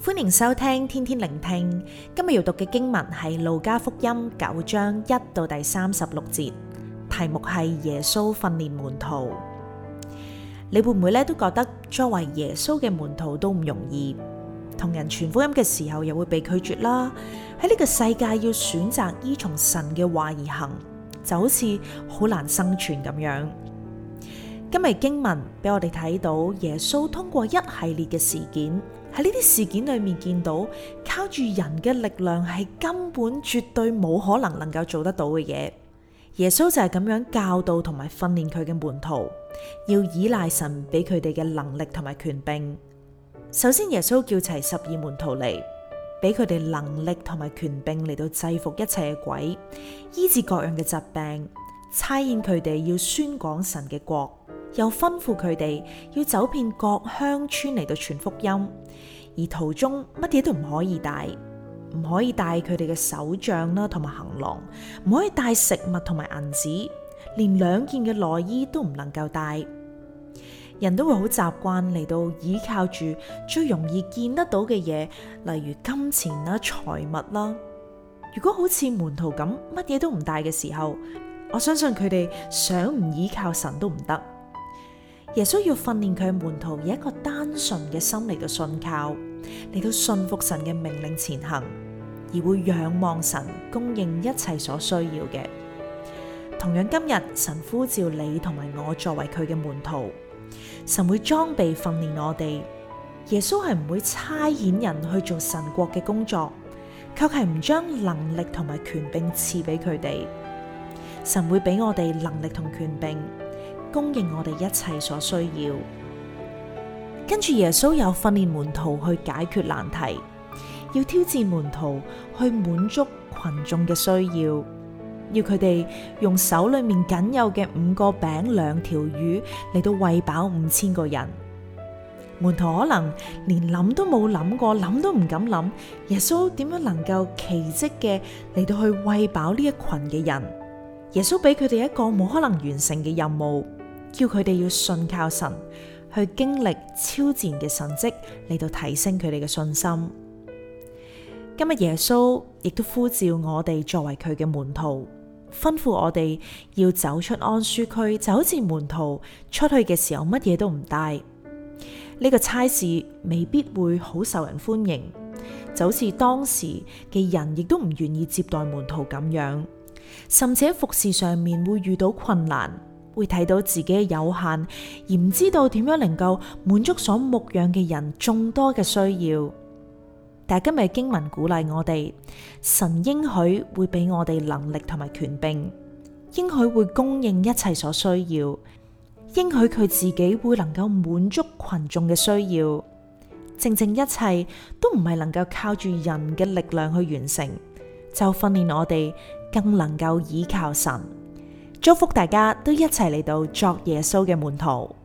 歡迎收聽天天靈聽，今日要讀嘅經文係路加福音九章一到第三十六節，題目係耶穌訓練門徒。你會唔會咧都覺得作為耶穌嘅門徒都唔容易，同人傳福音嘅時候又會被拒絕啦。喺呢個世界要選擇依從神嘅話而行，就好似好難生存咁樣。今日經文俾我哋睇到，耶穌通過一系列嘅事件，喺呢啲事件裏面見到，靠住人嘅力量係根本絕對冇可能能夠做得到嘅嘢。耶穌就係咁樣教導同埋訓練佢嘅門徒，要依賴神俾佢哋嘅能力同埋權柄。首先，耶穌叫齊十二門徒嚟，俾佢哋能力同埋權柄嚟到制服一切嘅鬼，醫治各樣嘅疾病，差遣佢哋要宣講神嘅國，又吩咐佢哋要走遍各鄉村嚟到傳福音，而途中乜嘢都唔可以帶，唔可以帶佢哋嘅手杖啦、同埋行囊，唔可以帶食物同埋銀紙，連兩件嘅內衣都唔能夠帶。人都會好習慣嚟到依靠住最容易見得到嘅嘢，例如金錢啦、財物啦。如果好似門徒咁乜嘢都唔帶嘅時候，我相信佢哋想唔依靠神都唔得。耶穌要訓練佢嘅門徒以一個單純嘅心嚟到信靠，嚟到信服神嘅命令前行，而會仰望神供應一切所需要嘅。同樣今日神呼召你同埋我作為佢嘅門徒，神會裝備訓練我哋。耶穌係唔會差遣人去做神國嘅工作，卻係唔將能力同埋權柄賜俾佢哋。神會俾我哋能力同權柄。供應我哋一切所需要，跟住耶穌有訓練門徒去解決難題，要挑戰門徒去滿足群眾嘅需要，要佢哋用手裏面僅有嘅五個餅兩條魚嚟到餵飽五千個人。門徒可能連諗都冇諗過，諗都唔敢諗。耶穌點樣能夠奇蹟嘅嚟到去餵飽呢一群嘅人？耶穌俾佢哋一個冇可能完成嘅任務。叫佢哋要信靠神，去經歷超自然嘅神蹟嚟到提升佢哋嘅信心。今日耶穌亦都呼召我哋作為佢嘅門徒，吩咐我哋要走出安舒區，就好似門徒出去嘅時候乜嘢都唔帶。呢個差事未必會好受人歡迎，就好似當時嘅人亦都唔願意接待門徒咁樣，甚至喺服侍上面會遇到困難。會睇到自己嘅有限，而唔知道點樣能夠滿足所牧養嘅人眾多嘅需要。但係今日的經文鼓勵我哋，神應許會俾我哋能力同埋權柄，應許會供應一切所需要，應許佢自己會能夠滿足群眾嘅需要。正正一切都唔係能夠靠住人嘅力量去完成，就訓練我哋更能夠倚靠神。祝福大家都一齊嚟到作耶穌嘅門徒。